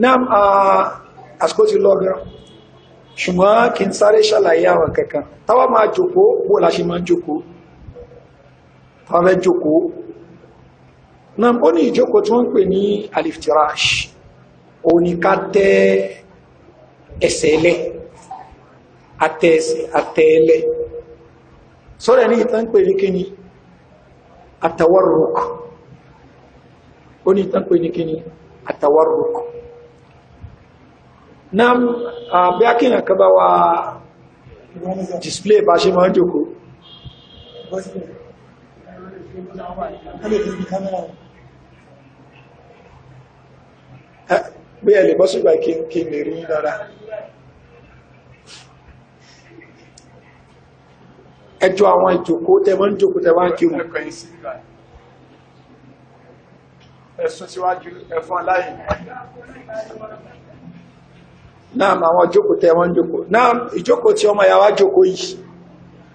náà àsìkò ti lọ́gán ṣùgbọ́n kí n sáré ṣàlàyé àwọn kankan táwa máa jòkó bó la ṣe máa jòkó táwa fẹ́ jòkó náà ó ní ìjókòó tí wọ́n ń pè ní aliftirash òun ni ká tẹ́ ẹsẹ̀ ẹlẹ́ àtẹ́ẹlẹ́ sọ́rọ̀ ní ìtàn pè ní kíni àtàwárùkù ó ní ìtàn pè na bí akíyàn kan bá wá display bá ṣe máa jòkó bí ẹ lè bọ́sùgbà kí n lè rí dára ẹjọ́ àwọn ìjòkó tẹ́mọ́ ń jòkó tẹ́wàá kírùn ẹ̀sùn síwájú ẹ̀fún aláyìn náà àwọn jókòó tẹ wọ́n jókòó náà ìjókòó tí ọmọ yàwá jókòó yìí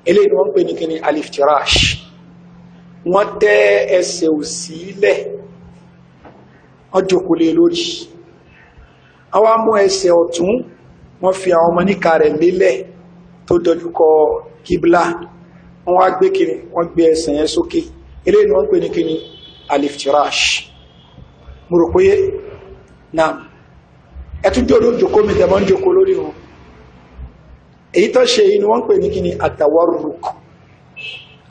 ilé ni wọ́n pè ní kíní aliftirash wọ́n tẹ ẹsẹ̀ òsì ilẹ̀ wọ́n jókòó lé lórí àwọn mú ẹsẹ̀ ọ̀tún wọ́n fi àwọn ọmọ níka rẹ̀ lélẹ̀ tó dojúkọ kíbla wọ́n wá gbé kíní wọ́n gbé ẹsẹ̀ yẹn sókè ilé ni wọ́n pè ní kíní aliftirash mo rò pé náà ẹtún jòrò jòkó mi tẹ̀mọ́ ń jòkó lórí wọn èyí tó ṣe yìí ni wọ́n ń pè ní kí ni àtàwárùk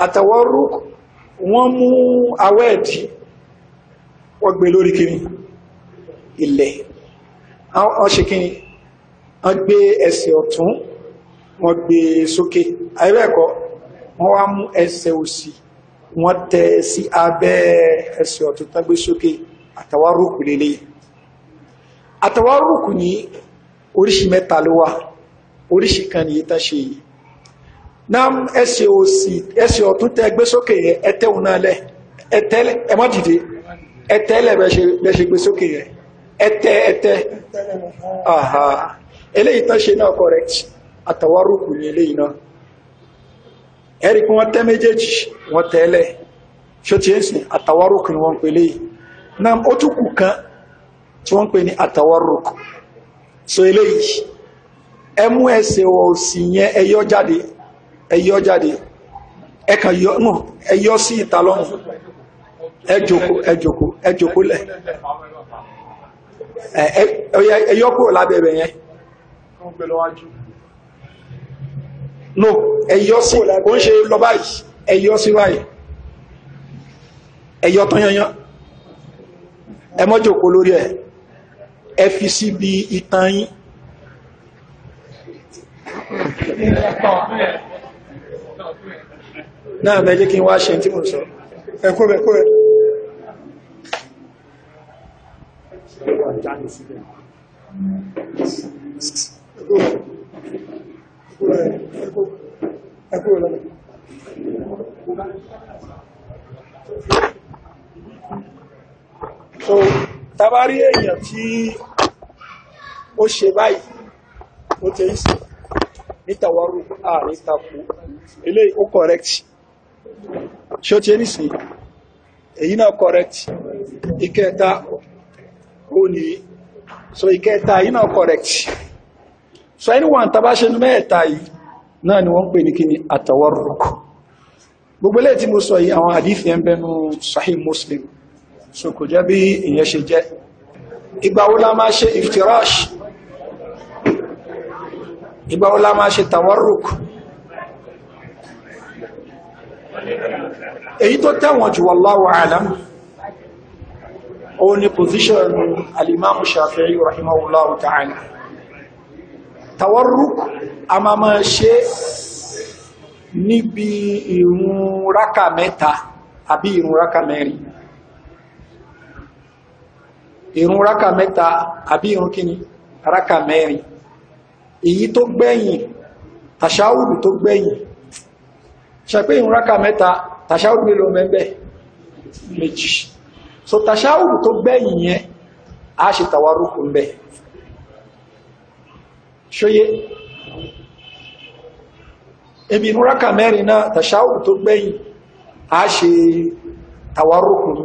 àtàwárùk wọ́n mú awẹ́ẹ̀dì wọ́n gbé lórí kí ni ilẹ̀ wọ́n ṣe kí ni wọ́n gbé ẹsẹ̀ ọ̀tún wọ́n gbé sókè ayébẹ́ẹ̀kọ́ wọ́n wá mú ẹsẹ̀ òsì wọ́n tẹ̀ sí abẹ́ ẹsẹ̀ ọ̀tún tágbé sókè àtàwárùk lélẹ́yìí àtàwárùkù ní oríṣi mẹ́ta ló wà oríṣi kan ní ìtàn ṣe yìí náà ẹsẹ̀ òsì ẹsẹ̀ ọ̀tún tẹ́ gbé sókè yẹn ẹtẹ́hùn náà lẹ̀ ẹtẹ́lẹ̀ ẹtẹ́lẹ̀ bẹ́ ṣe gbé sókè yẹn ẹtẹ́ ẹtẹ́ aha eléyìí tán ṣe náà correct àtàwárùkù ní eléyìí náà ẹ̀rí pé wọ́n tẹ́ méjèèjì wọ́n tẹ́lẹ̀ ṣó ti tí wọ́n pè ní atawarruk so eléyìí ẹ mú ẹsẹ̀ òsì yẹn ẹ yọ jáde ẹ yọ jáde ẹ kàn yọ nù ẹ sí ìta lọ́hùn ẹ jòkó ẹ jòkó ẹ jòkó yẹn no ẹ̀yọ́ sí o ń ṣe lọ báyìí ẹ̀yọ́ sí báyìí ẹ̀yọ́ tán yanyan ẹmọ́jòkó lórí ẹ̀ ẹ fi síbi ìtàn yín náà mẹ́jẹ́ kí n wá ṣe tí mo sọ ẹ̀kọ́ ẹ̀kọ́ ẹ̀ So tabari èèyàn tí ó ṣe báyìí ó tẹ́ ìsìn nítàwárù ààrin tako ilé ó correct ṣe ó tẹ́ ìsìn èyí náà correct ìkẹta ó ní so ìkẹta èyí náà correct so anyone tàbá ṣe ní mẹ́ẹ̀ta yìí náà ni wọ́n pè ní kíni àtàwárù gbogbo ilé tí mo sọ yìí àwọn àdífẹ́ ń bẹnu Sahih Muslim so kò jẹ́ bí ìyẹn ṣe jẹ́ ìgbàwó la máa ṣe iftirash ìgbàwó la máa ṣe tawarruk èyí tó tẹ̀wọ̀n jù wallahu alam ó ní position alimamu shafi'i rahimahullahu ta'ala tawarruk a máa máa ṣe níbi ìrun rákà mẹ́ta àbí ìrun rákà mẹ́rin ìrun rákà mẹ́ta àbí ìrun kíni rákà mẹ́rin èyí tó gbẹ̀yìn tàṣáwùrù tó gbẹ̀yìn ṣàpé ìrun rákà mẹ́ta tàṣáwùrù mélòó mẹ́bẹ̀ méjì so tàṣáwùrù tó gbẹ̀yìn yẹn a ṣe tàwárùkù ń bẹ̀ ṣóyé ibi ìrun rákà mẹ́rin náà tàṣáwùrù tó gbẹ̀yìn a ṣe tàwárùkù ń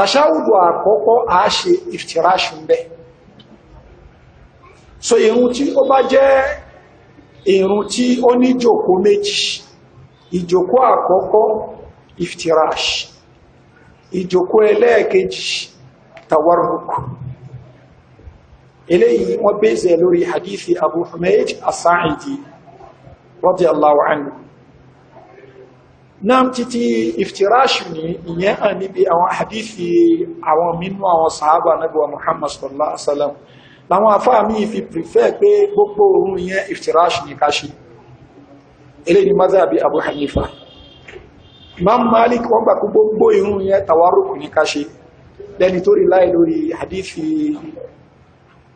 tàṣáwùdù àkọ́kọ́ a ṣe ìfìtìráṣù ń bẹ́ so ìrun tí ó bá jẹ́ ìrun tí ó ní ìjòkó méjì ìjòkó àkọ́kọ́ ìfìtìráṣù ìjòkó ẹlẹ́ẹ̀kejì tawarruk eléyìí wọ́n bẹ́ẹ̀sẹ̀ lórí hadithi abu humayd as-sa'idi radiyallahu anhu náà títí ìfìtíráṣù ní ìyẹn hàn níbi àwọn hadithi àwọn mínú àwọn sàábà náà Muhammad sallallahu alaihi wasallam láwọn afáàmì fi prefer pé gbogbo orun yẹn ìfìtíráṣù ní káṣí ilé ni mazhabi Abu Hanifa Imam Malik wọ́n gbà gbogbo irun yẹn tawarruku ní káṣí lẹ́ni tó rí láì lórí hadithi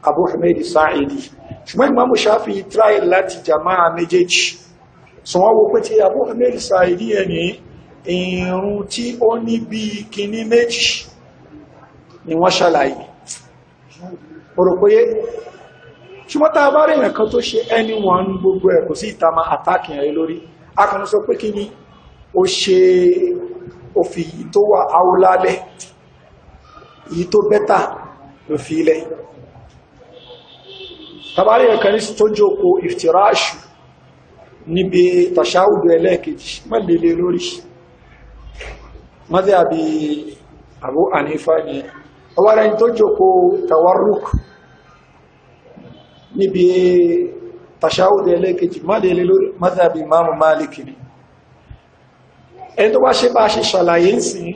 Abu Hamid Sa'idi ṣùgbọ́n Imam Shafi láti jama'a méjèèjì so wọ́n wo pé tí Abu Hamid Sa'idi ẹni ìrun tí ó ní bí kíní méjì ni wọ́n ṣàlàyé orókóyé ṣùgbọ́n tá a bá rí nǹkan tó ṣe ẹni wọn ń gbogbo ẹ̀ kò sí ìtama àtàkì ẹ̀ lórí akọni sọ pé kí ni ó ṣe òfin tó wà áúlálẹ̀ yìí tó bẹ́tà ló ilẹ̀ tàbárí ẹ̀kan ní tó jókòó ìfìtìráṣù níbi tàṣáwùdó ẹlẹ́ẹ̀kejì mọ́lélé lórí mọ́dé àbí Abu Hanifa ni ọwọ́rẹ́ tó jòkó tawarruk níbi tàṣáwùdó ẹlẹ́ẹ̀kejì mọ́lélé lórí mọ́dé àbí Imam Malik ni ẹni tó wá ṣe bá ṣe ṣàlàyé ń sin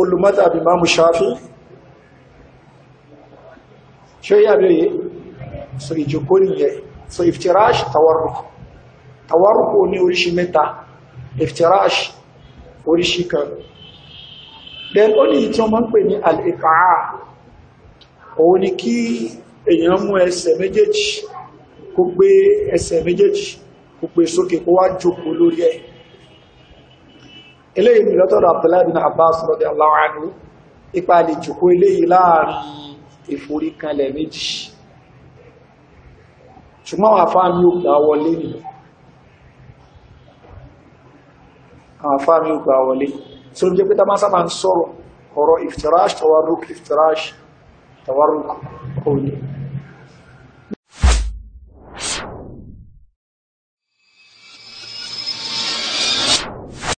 olùmọ́dé àbí Imam Shafi ṣe so ìjòkó nìyẹn so iftirash tawarruk tawaruku ní oríṣi mẹ́ta iftirash oríṣi kan then ó ní tí wọ́n máa ń pè ní al-ikaa òun ni kí èèyàn mú ẹsẹ̀ méjèèjì kó gbé ẹsẹ̀ méjèèjì kó gbé sókè kó wá jókòó lórí ẹ̀ eléyìí ni lọ́tọ̀dọ̀ Abdullahi bin Abbas radiyallahu anhu ipa lè jókòó eléyìí láàrin ìforíkanlẹ̀ méjì ṣùgbọ́n àfáà ní ó wọlé nìyàn àwọn afáàmì ògbà wọlé so jẹ́ pé tamasa máa ń sọ̀rọ̀ ọ̀rọ̀ iftirash tawarruk iftirash tawarruk òní